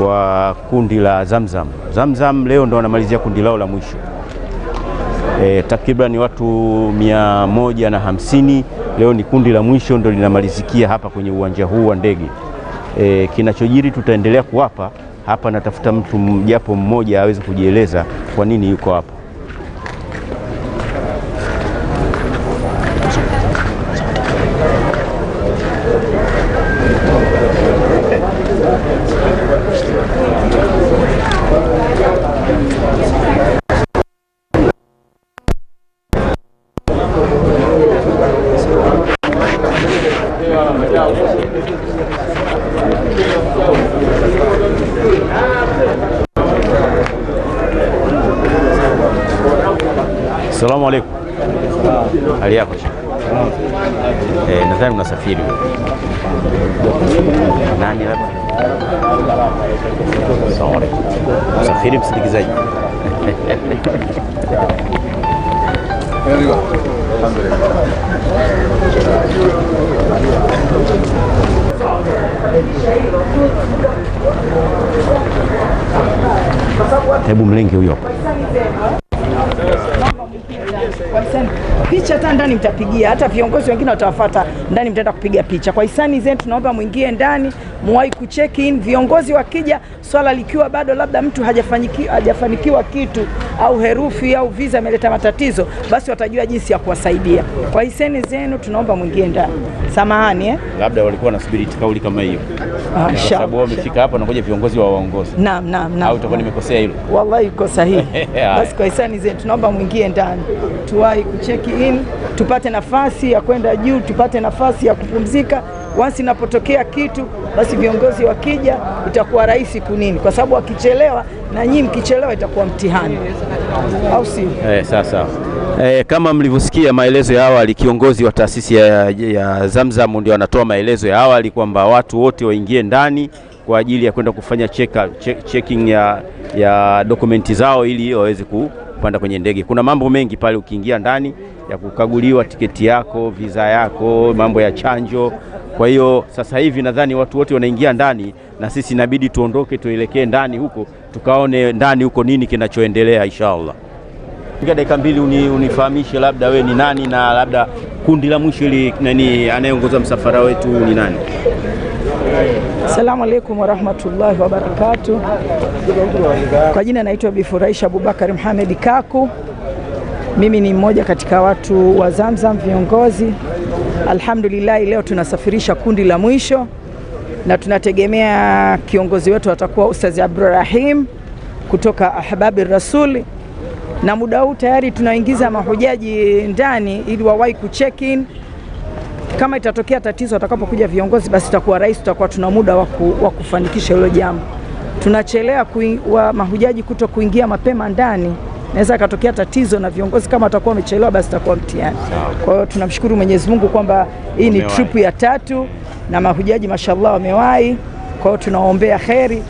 wa kundi la Zamzam. Zamzam leo ndo wanamalizia kundi lao la mwisho e, takriban watu mia moja na hamsini. Leo ni kundi la mwisho ndo linamalizikia hapa kwenye uwanja huu wa ndege e, kinachojiri tutaendelea kuwapa hapa. Natafuta mtu japo mmoja aweze kujieleza kwa nini yuko hapa. Salamu alaikum. Hali yako? Eh, nadhani unasafiri nani hapa? Salamu alaikum. Usafiri msindikizaji. Hebu mlenge huyo picha hata ndani mtapigia, hata viongozi wengine watawafuata ndani, mtaenda kupiga picha. Kwa hisani zenu tunaomba mwingie ndani muwahi kucheck in. Viongozi wakija, swala likiwa bado labda mtu hajafanikiwa, kitu au herufi au visa ameleta matatizo, basi watajua jinsi ya kuwasaidia. Kwa hiseni zenu tunaomba mwingie ndani. Samahani eh? Labda walikuwa wanasubiri kauli kama hiyo, ah, kwa sababu wamefika hapa na viongozi wa waongozi Naam, naam, naam. Au utakuwa nimekosea hilo? Wallahi uko sahihi. Basi kwa hiseni zenu tunaomba mwingie ndani, tuwahi kucheck in, tupate nafasi ya kwenda juu, tupate nafasi ya kupumzika wasi inapotokea kitu basi viongozi wakija itakuwa rahisi kunini, kwa sababu wakichelewa na nyinyi mkichelewa itakuwa mtihani, au si Eh, sasa eh, kama mlivyosikia maelezo ya awali, kiongozi wa taasisi ya, ya Zamzam ndio anatoa maelezo ya awali kwamba watu wote waingie ndani kwa ajili ya kwenda kufanya check, check, checking ya, ya dokumenti zao ili waweze ku kupanda kwenye ndege. Kuna mambo mengi pale ukiingia ndani ya kukaguliwa tiketi yako, visa yako, mambo ya chanjo. Kwa hiyo sasa hivi nadhani watu wote wanaingia ndani, na sisi inabidi tuondoke tuelekee ndani huko, tukaone ndani huko nini kinachoendelea inshallah. Fika dakika mbili uni, unifahamishe labda we ni nani na labda kundi la mwisho ili nani anayeongoza msafara wetu ni nani? Asalamu alaikum warahmatullahi wabarakatu. Kwa jina naitwa Bifuraisha Abubakar Muhamedi Kaku. Mimi ni mmoja katika watu wa Zamzam viongozi. Alhamdulillahi, leo tunasafirisha kundi la mwisho na tunategemea kiongozi wetu atakuwa Ustazi Abdurahim kutoka Ahbabi Rasuli, na muda huu tayari tunaingiza mahujaji ndani ili wawahi kucheck in kama itatokea tatizo atakapokuja viongozi, basi itakuwa rahisi, tutakuwa tuna muda wa kufanikisha hilo jambo. Tunachelea mahujaji kuto kuingia mapema ndani, naweza akatokea tatizo na viongozi kama watakuwa wamechelewa, basi itakuwa mtihani. Kwa hiyo tunamshukuru Mwenyezi Mungu kwamba hii ni trip ya tatu na mahujaji mashallah wamewahi. Kwa hiyo tunawaombea kheri,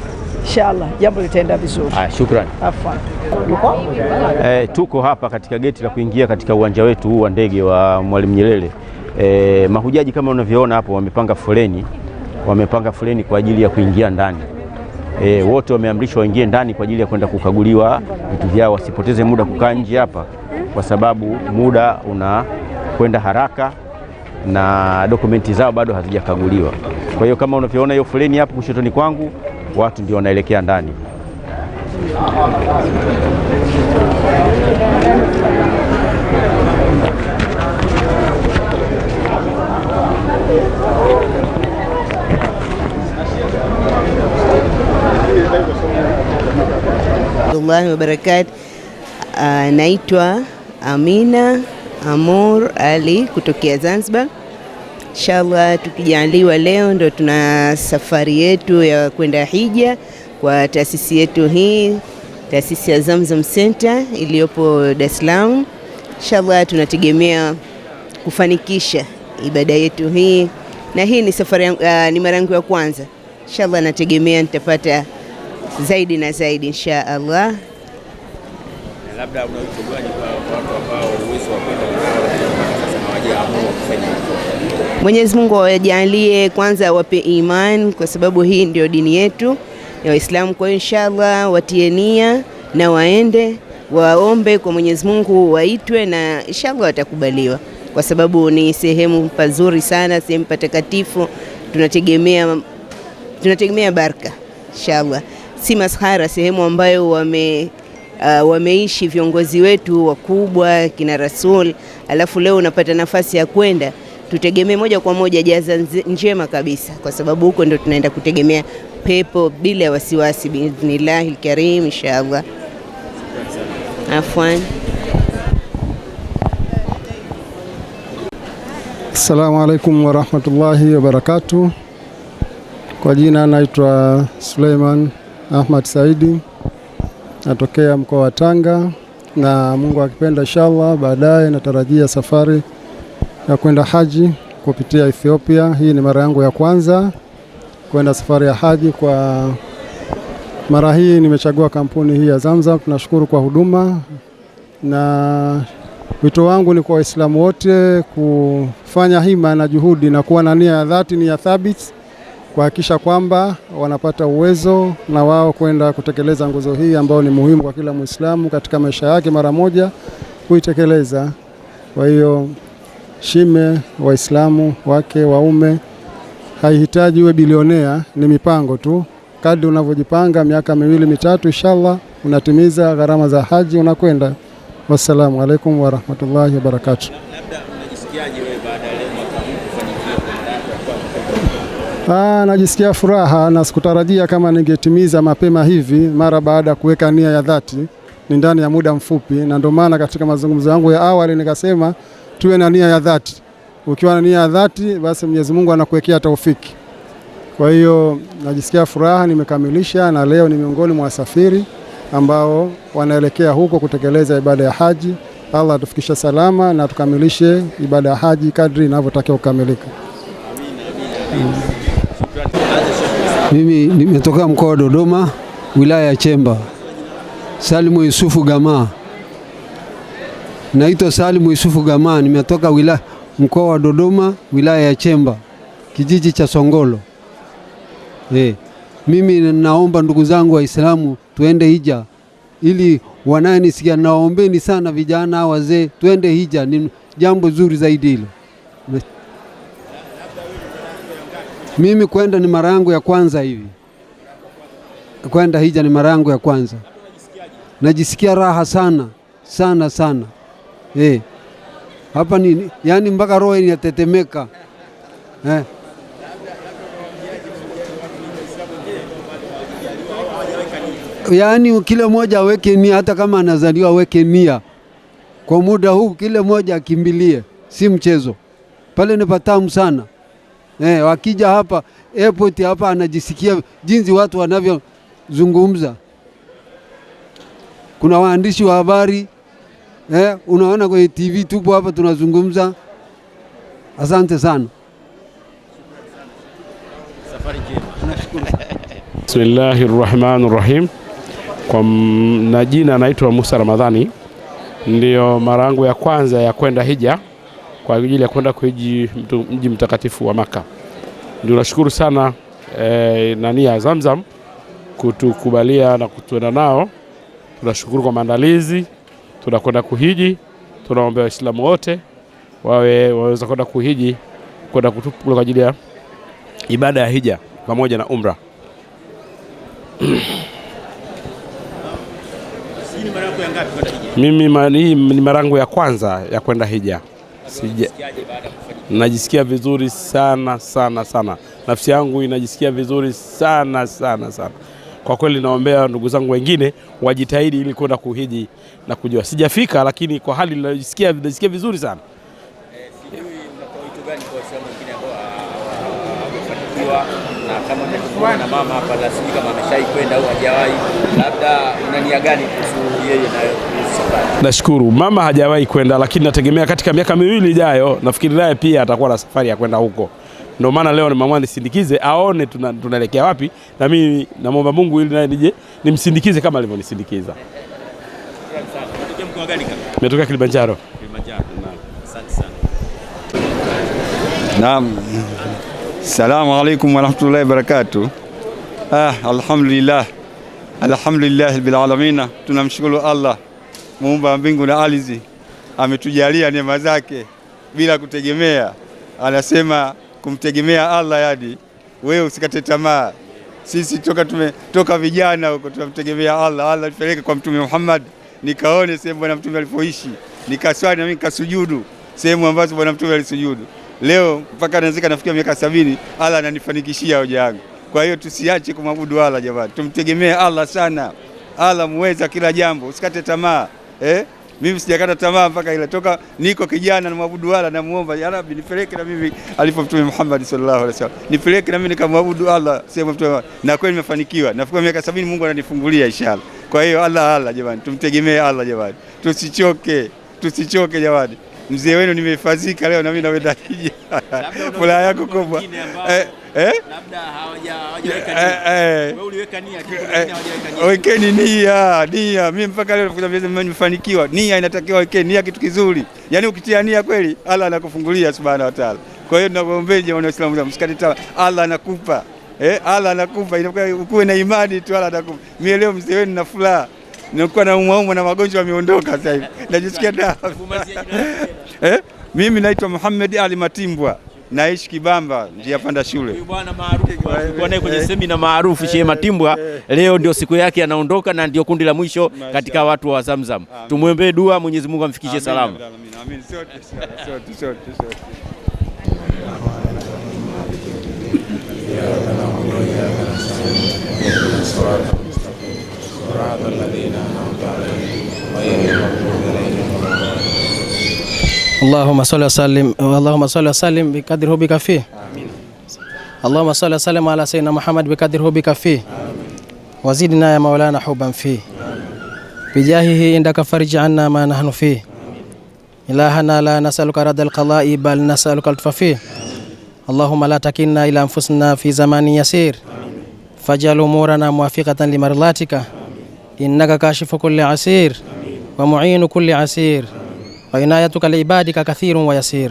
inshallah jambo litaenda vizuri. Shukrani. Afwan. Eh, tuko hapa katika geti la kuingia katika uwanja wetu huu wa ndege wa Mwalimu Nyerere. E, mahujaji kama unavyoona hapo wamepanga foleni, wamepanga foleni kwa ajili ya kuingia ndani. E, wote wameamrishwa waingie ndani kwa ajili ya kwenda kukaguliwa vitu vyao, wasipoteze muda kukaa nje hapa, kwa sababu muda unakwenda haraka na dokumenti zao bado hazijakaguliwa. Kwa hiyo kama unavyoona hiyo foleni hapo kushotoni kwangu, watu ndio wanaelekea ndani. Allahu wabarakatu. anaitwa ah, naitwa Amina Amur Ali kutokea Zanzibar. Inshallah tukijaliwa leo ndo tuna safari yetu ya kwenda hija kwa taasisi yetu hii, taasisi ya Zamzam Center iliyopo Dar es Salaam. Inshallah tunategemea kufanikisha ibada yetu hii, na hii ni safari uh, ni mara yangu ya kwanza. Inshallah nategemea nitapata zaidi na zaidi insha Allah. Labda una wito gani kwa watu ambao uwezo wa kwenda Mwenyezi Mungu awajalie kwanza, awape imani, kwa sababu hii ndio dini yetu ya Waislamu. Kwa inshallah watie nia na waende waombe kwa Mwenyezi Mungu, waitwe na inshallah watakubaliwa kwa sababu ni sehemu pazuri sana, sehemu patakatifu. Tunategemea, tunategemea baraka inshallah. Si mashara sehemu ambayo wame Uh, wameishi viongozi wetu wakubwa kina Rasul, alafu leo unapata nafasi ya kwenda, tutegemee moja kwa moja jaza njema kabisa, kwa sababu huko ndio tunaenda kutegemea pepo bila ya wasiwasi, biidhnillahi lkarim inshaallah. Afwan. Assalamu alaikum warahmatullahi wabarakatu. Kwa jina naitwa Suleiman Ahmad Saidi, natokea mkoa wa Tanga, na Mungu akipenda inshallah, baadaye natarajia safari ya kwenda haji kupitia Ethiopia. Hii ni mara yangu ya kwanza kwenda safari ya haji. Kwa mara hii nimechagua kampuni hii ya Zamzam. Tunashukuru kwa huduma na Wito wangu ni kwa Waislamu wote kufanya hima na juhudi na kuwa na nia ya dhati, ya thabiti kuhakikisha kwamba wanapata uwezo na wao kwenda kutekeleza nguzo hii ambayo ni muhimu kwa kila Muislamu katika maisha yake mara moja kuitekeleza. Kwa hiyo shime Waislamu wake waume, haihitaji uwe bilionea, ni mipango tu. Kadri unavyojipanga miaka miwili mitatu, inshallah unatimiza gharama za haji, unakwenda. Wassalamu alaikum warahmatullahi wabarakatu. Aa, ah, najisikia furaha na sikutarajia kama ningetimiza mapema hivi mara baada ya kuweka nia ya dhati ni ndani ya muda mfupi, na ndio maana katika mazungumzo yangu ya awali nikasema tuwe na nia ya dhati. Ukiwa na nia ya dhati, basi Mwenyezi Mungu anakuwekea taufiki. Kwa hiyo najisikia furaha, nimekamilisha na leo ni miongoni mwa wasafiri ambao wanaelekea huko kutekeleza ibada ya haji. Allah atufikishe salama na tukamilishe ibada ya haji kadri inavyotakiwa kukamilika. Mimi nimetoka mkoa wa Dodoma, wilaya ya Chemba. Salimu Yusufu Gamaa, naitwa Salimu Yusufu Gamaa, nimetoka wilaya mkoa wa Dodoma, wilaya ya Chemba, kijiji cha Songolo. Hey, eh, mimi naomba ndugu zangu Waislamu tuende hija, ili wanayenisikia, nawaombeni sana vijana, wazee, tuende hija. Ni jambo zuri zaidi hilo. Mimi kwenda ni mara yangu ya kwanza hivi, kwenda hija ni mara yangu ya kwanza. Najisikia raha sana sana sana eh. Hapa ni yani mpaka roho inatetemeka eh. yaani kila mmoja aweke nia, hata kama anazaliwa aweke nia kwa muda huu, kila mmoja akimbilie, si mchezo. Pale ni patamu sana eh, wakija hapa airport hapa anajisikia jinsi watu wanavyozungumza, kuna waandishi wa habari eh, unaona kwenye TV tupo hapa tunazungumza. Asante sana, safari njema. Bismillahir Rahmanir Rahim kwa na jina anaitwa Musa Ramadhani. Ndiyo mara yangu ya kwanza ya kwenda hija kwa ajili ya kwenda kuhiji mji mtakatifu wa Maka. Ndio nashukuru sana e, nani ya Zamzam kutukubalia na kutuenda nao. Tunashukuru kwa maandalizi, tunakwenda kuhiji. Tunaombea Waislamu wote wawe waweza kwenda kuhiji kwenda kutupu kwa ajili ya ibada ya hija pamoja na umra ngapi kwenda hija? Mimi hii ni mara yangu ya kwanza ya kwenda hija. Sija, najisikia vizuri sana sana sana, nafsi yangu inajisikia vizuri sana sana sana. Kwa kweli naombea ndugu zangu wengine wajitahidi ili kwenda kuhiji na kujua. Sijafika, lakini kwa hali ninajisikia najisikia vizuri sana eh, sijui mnatoa gani kwa wengine ambao na kama nimekuwa na mama hapa, na kama kama kwenda au hajawahi, labda una nia gani kuhusu yeye na safari? Nashukuru, mama hajawahi kwenda, lakini nategemea katika miaka miwili ijayo, nafikiri naye pia atakuwa na safari ya kwenda huko. Ndio maana leo nimeamua nisindikize aone tunaelekea tuna wapi, na mimi namwomba Mungu ili naye nije nimsindikize kama alivyonisindikiza. Metoka Kilimanjaro. Kilimanjaro. Naam. Asante sana. Naam. Salamu alaikum warahmatullahi wabarakatuh. Ah, alhamdulillah alhamdulillahi bil alamin, tunamshukuru Allah muumba wa mbingu na ardhi, ametujalia neema zake bila kutegemea. Anasema kumtegemea Allah, yadi wewe usikate tamaa. Sisi toka tume, toka vijana huko tunamtegemea Allah. Allah alipeleka kwa Mtume Muhammad, nikaone sehemu bwana Mtume alipoishi, nikaswali na mimi nikasujudu sehemu ambazo bwana Mtume alisujudu leo mpaka nawezeka nafikia miaka sabini, Allah ananifanikishia hoja yangu. Kwa hiyo tusiache kumwabudu Allah jamani, tumtegemee Allah sana. Allah muweza kila jambo, usikate tamaa eh? Mimi sijakata tamaa mpaka ile toka niko kijana namwabudu Allah, namuomba ya Rabbi nipeleke na mimi alipo Mtume Muhammad sallallahu alaihi wasallam, nipeleke na mimi nikamwabudu Allah sema Mtume, na kweli nimefanikiwa, nafikia miaka sabini, Mungu ananifungulia inshallah. Kwa hiyo Allah Allah jamani, tumtegemee Allah jamani, tusichoke, tusichoke jamani mzee wenu nimefazika leo, nami naenda kija. Furaha yako kubwa. Eh, wekeni nia, nia. Mimi mpaka leo nimefanikiwa. Nia inatakiwa wekeni nia, kitu kizuri. Yaani ukitia nia kweli, Allah anakufungulia subhana wa taala. Kwa hiyo tunakuombea jamani, Waislamu msikate tamaa, Allah anakupa eh, Allah anakupa, inakuwa ukuwe na imani tu, Allah anakupa. Mimi leo mzee wenu na furaha nilikuwa naumwaumwa na magonjwa yameondoka sasa hivi najisikia dawa eh? Mimi naitwa Muhammad Ali Matimbwa naishi Kibamba njia panda shule. Huyu bwana maarufu alikuwa naye kwenye eh. semina maarufu Sheikh eh. Matimbwa, eh. leo ndio siku yake anaondoka, na ndio kundi la mwisho katika watu wa Zamzam. Tumwombee dua, Mwenyezi Mungu amfikishe salama. Amin, amin, sote sote sote. Allahumma salli wa sallim Allahumma salli wa sallim bi kadri hubika kafi Amin. Allahumma salli wa sallim ala sayyidina Muhammad bi kadri hubika kafi Amin. Wazidna ya maulana huban fi Amin. Bijahihi indaka farij anna ma nahnu fi Amin. Ilahana la nasaluka al-qala'i bal nasaluka al-tufa fi Allahumma la takinna ila anfusina fi zamani yasir Amin. Fajal umurana muwafiqatan limarlatika Amin. Innaka kashifu kulli asir Amin. wa mu'inu kulli asir Amin wa inayatuka liibadika kathirun wa yasir.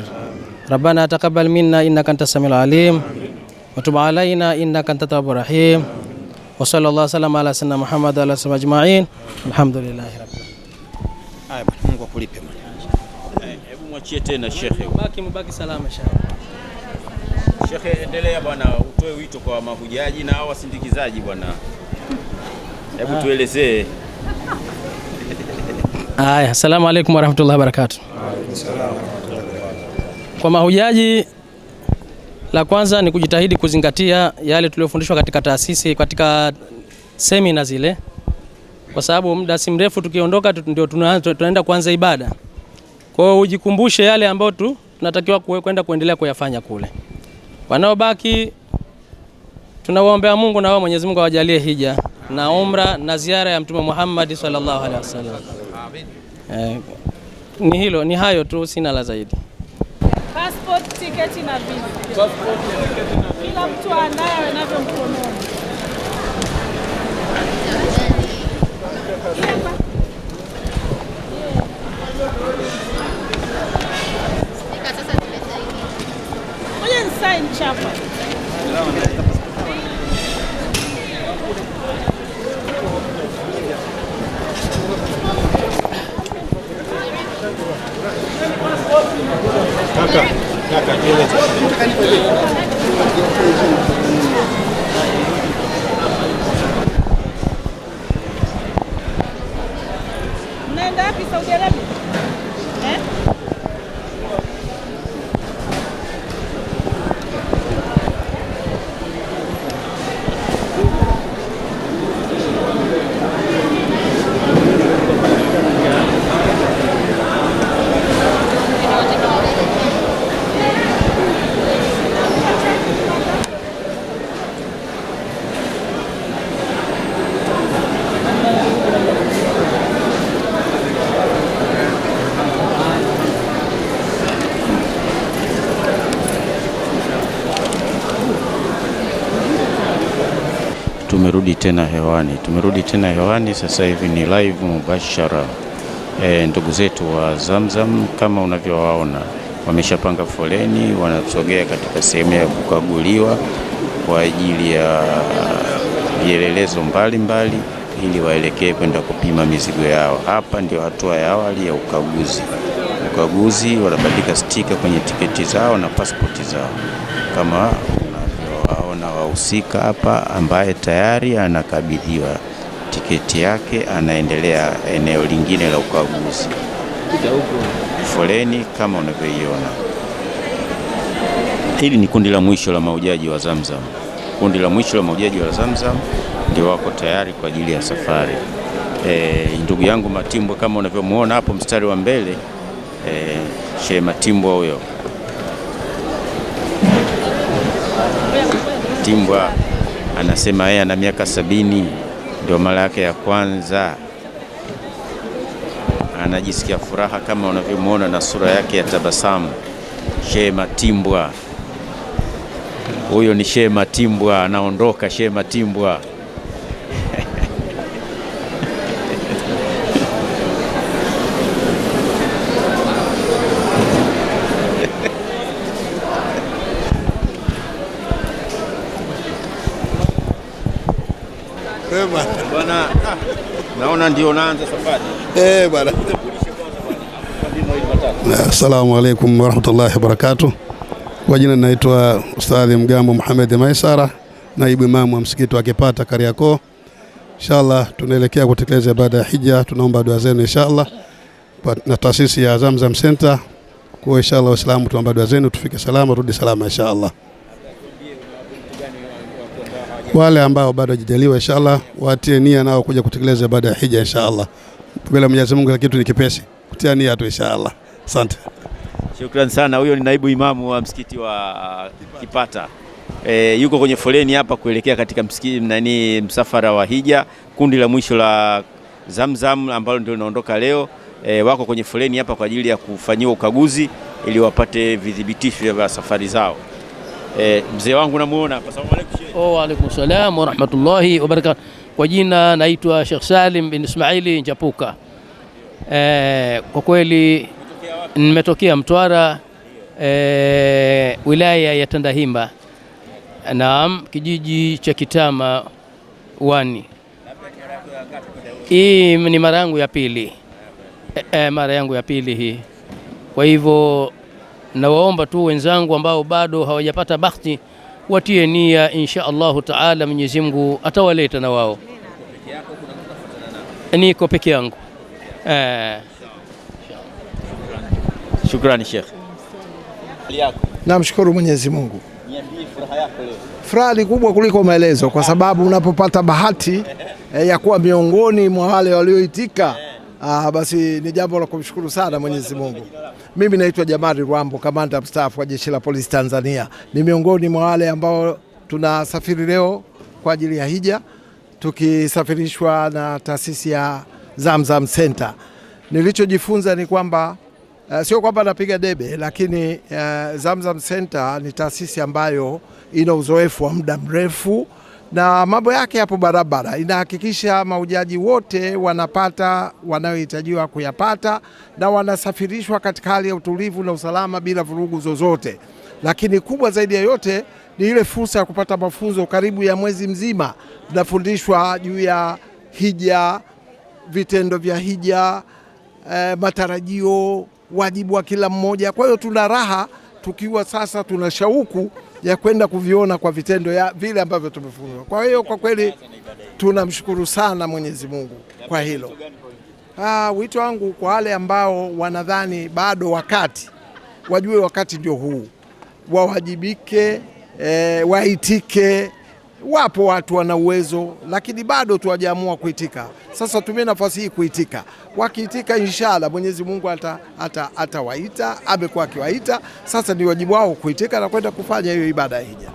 Rabbana taqabbal minna innaka antas samiul alim wa tub alaina innaka antat tawwabur rahim. Wa sallallahu salama ala sayyidina Muhammad ala sahbihi ajma'in. alhamdulillahi rabbil alamin. Haya, Mungu akulipe. Eh, hebu mwachie tena shekhe. mbaki mbaki salama shekhe. Shekhe, endelea bwana, utoe wito kwa mahujaji na wasindikizaji bwana. Hebu ah. tuelezee aya assalamu alaikum warahmatullahi wabarakatuh. Kwa mahujaji, la kwanza ni kujitahidi kuzingatia yale tuliyofundishwa katika taasisi, katika semina zile, kwa sababu muda si mrefu tukiondoka, ndio tunaenda kuanza ibada. Kwa hiyo ujikumbushe yale ambayo tu tunatakiwa kwenda kuendelea kuyafanya kule. Wanaobaki tunawaombea Mungu na wao Mwenyezi Mungu awajalie hija na umra na ziara ya Mtume Muhammad sallallahu alaihi wasallam. Eh, ni hilo, ni hayo tu, sina la zaidi. Passport, tiketi na visa. Passport, na visa. Kila mtu anayo anavyo mkononi. Kanka, kanka, geleceğiz. tumerudi tena hewani, tumerudi tena hewani. Sasa hivi ni live mubashara. E, ndugu zetu wa Zamzam kama unavyowaona wameshapanga foleni, wanasogea katika sehemu ya kukaguliwa kwa ajili ya vielelezo mbalimbali ili waelekee kwenda kupima mizigo yao. Hapa ndio hatua ya awali ya ukaguzi. Ukaguzi wanabandika stika kwenye tiketi zao na pasipoti zao kama tunawaona wahusika hapa, ambaye tayari anakabidhiwa tiketi yake, anaendelea eneo lingine la ukaguzi. Foleni kama unavyoiona. Hili ni kundi la mwisho la mahujaji wa Zamzam. Kundi la mwisho la mahujaji wa Zamzam ndio wako tayari kwa ajili ya safari. E, ndugu yangu Matimbwa kama unavyomwona hapo mstari wa mbele e, Shehe Matimbwa huyo. Kitimbwa anasema yeye ana miaka sabini, ndio mara yake ya kwanza. Anajisikia furaha kama unavyomwona na sura yake ya tabasamu. Shehe Matimbwa huyo ni Shehe Matimbwa, anaondoka Shehe Matimbwa. bwana, ndio naanza safari. Eh, bwana. Assalamu alaikum warahmatullahi wabarakatuh. Kwa jina naitwa Ustadhi Mgambo Muhammad Maisara, naibu imamu wa msikiti wa Kipata Kariakoo. Inshallah tunaelekea kutekeleza ibada ya hija, tunaomba dua zenu inshallah na taasisi ya Zamzam Center. Kwa inshallah Waislamu tunaomba dua zenu, tufike salama, rudi salama inshallah. Wale ambao bado hajajaliwa inshallah watie nia nao kuja kutekeleza ibada ya hija inshallah. Bila Mwenyezi Mungu kitu ni kipesi, kutia nia tu inshallah. Asante. Shukrani sana. Huyo ni naibu imamu wa msikiti wa Kipata. E, yuko kwenye foleni hapa kuelekea katika msikiti nani, msafara wa hija, kundi la mwisho la Zamzam ambalo ndio linaondoka leo. E, wako kwenye foleni hapa kwa ajili ya kufanyiwa ukaguzi ili wapate vidhibitisho vya safari zao. E, mzee wangu namuona. Oh, alaikum salam wa rahmatullahi wa barakatuh. Kwa jina naitwa Sheikh Salim bin Ismaili Njapuka. E, kwa kweli nimetokea Mtwara e, wilaya ya Tandahimba, naam, kijiji cha Kitama wani. Hii ni mara yangu ya pili e, mara yangu ya pili hii, kwa hivyo Nawaomba tu wenzangu ambao bado hawajapata bahati watie nia, insha Allahu taala Mwenyezi Mungu atawaleta na wao. Niko peke yangu. Eh, shukrani Sheikh. Namshukuru Mwenyezi Mungu. Furaha ni kubwa kuliko maelezo, kwa sababu unapopata bahati eh, ya kuwa miongoni mwa wale walioitika Ah, basi ni jambo la kumshukuru sana Mwenyezi Mungu. Mimi naitwa jamari Rwambo, kamanda mstaafu wa Jeshi la Polisi Tanzania. Ni miongoni mwa wale ambao tunasafiri leo kwa ajili ya hija tukisafirishwa na taasisi ya Zamzam Center. Nilichojifunza ni kwamba uh, sio kwamba napiga debe, lakini uh, Zamzam Center ni taasisi ambayo ina uzoefu wa muda mrefu na mambo yake yapo barabara. Inahakikisha maujaji wote wanapata wanayohitajiwa kuyapata na wanasafirishwa katika hali ya utulivu na usalama bila vurugu zozote. Lakini kubwa zaidi ya yote ni ile fursa ya kupata mafunzo. Karibu ya mwezi mzima tunafundishwa juu ya hija, vitendo vya hija, eh, matarajio, wajibu wa kila mmoja. Kwa hiyo tuna raha tukiwa sasa tuna shauku ya kwenda kuviona kwa vitendo ya vile ambavyo tumefunzwa. Kwa hiyo kwa kweli tunamshukuru sana Mwenyezi Mungu kwa hilo. Ah, wito wangu kwa wale ambao wanadhani bado wakati, wajue wakati ndio huu, wawajibike, eh, waitike Wapo watu wana uwezo, lakini bado tuwajamua kuitika. Sasa tumie nafasi hii kuitika. Wakiitika, inshallah Mwenyezi Mungu atawaita, amekuwa akiwaita. Sasa ni wajibu wao kuitika na kwenda kufanya hiyo ibada ya hija.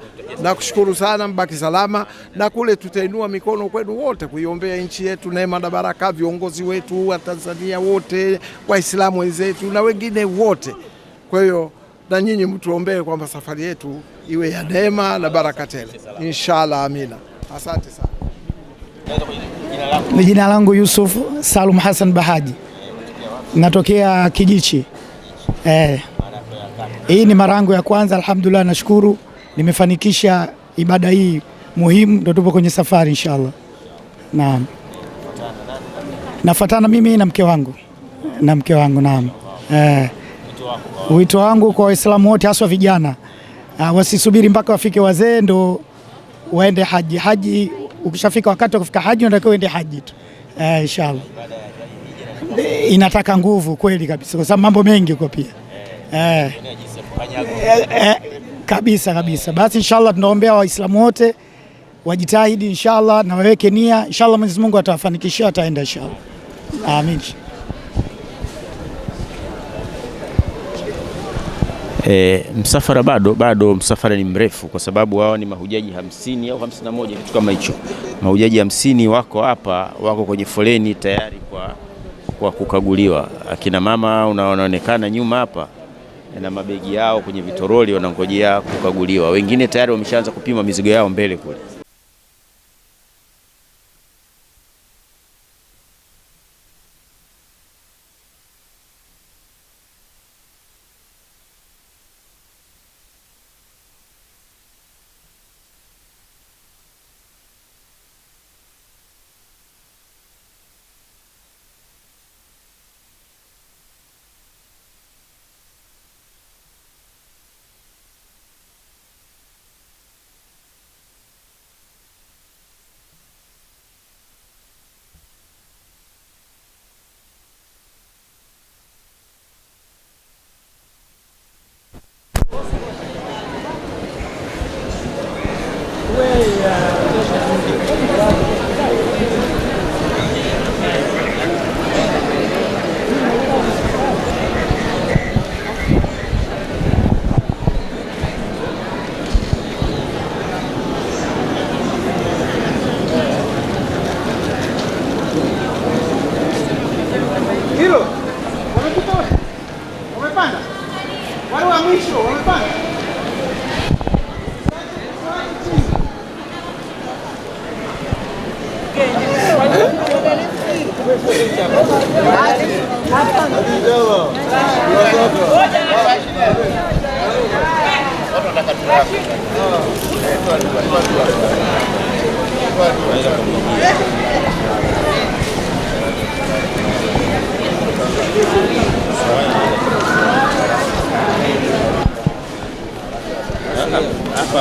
Nakushukuru sana, mbaki salama, na kule tutainua mikono kwenu wote kuiombea nchi yetu neema na baraka, viongozi wetu wa Tanzania wote, Waislamu wenzetu na wengine wote. Kwa hiyo na nyinyi mtuombee kwamba safari yetu iwe ya neema na baraka tele, inshallah. Amina, asante sana. Ni jina langu Yusuf Salum Hassan Bahaji, natokea Kijichi. Eh, hii ni mara yangu ya kwanza. Alhamdulillah, nashukuru nimefanikisha ibada hii muhimu, ndo tupo kwenye safari inshallah. Naam, nafatana mimi na mke wangu na mke wangu. Naam, eh, wito wangu kwa Waislamu wote haswa vijana uh, wasisubiri mpaka wafike wazee ndo waende haji. Haji ukishafika wakati wa kufika haji unatakiwa uende haji tu uh, inshallah. Inataka nguvu kweli kabisa, kwa sababu mambo mengi huko pia eh, eh, eh, kabisa kabisa. Basi inshallah tunaombea Waislamu wote wajitahidi inshallah, na waweke nia inshallah, Mwenyezi Mungu atawafanikishia, ataenda inshallah. Amin. E, msafara bado bado, msafara ni mrefu kwa sababu wao ni mahujaji hamsini au hamsini na moja kitu kama hicho. Mahujaji hamsini wako hapa, wako kwenye foleni tayari kwa, kwa kukaguliwa. Akina mama wanaonekana nyuma hapa na mabegi yao kwenye vitoroli wanangojea kukaguliwa, wengine tayari wameshaanza kupima mizigo yao mbele kule.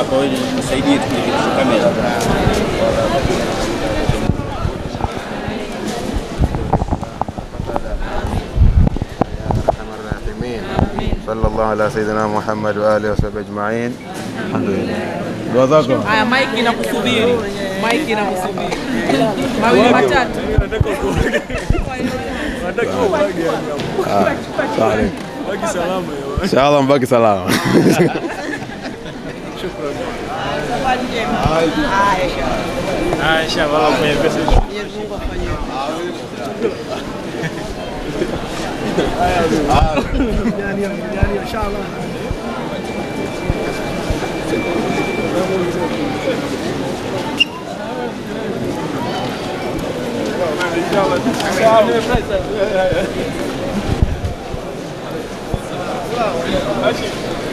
kwa hiyo nisaidie tu kitu kama hicho. Sallallahu ala sayyidina Muhammad wa alihi wasahbihi ajma'in. Alhamdulillah. Dua zako. Haya, Mike inakusubiri. Mike inakusubiri. Mawili matatu. Ah, Inshallah mbaki salama. Aisha. Aisha, wao, umepesa. Mwenyezi Mungu afanyie. Yani yani inşallah. Thank you.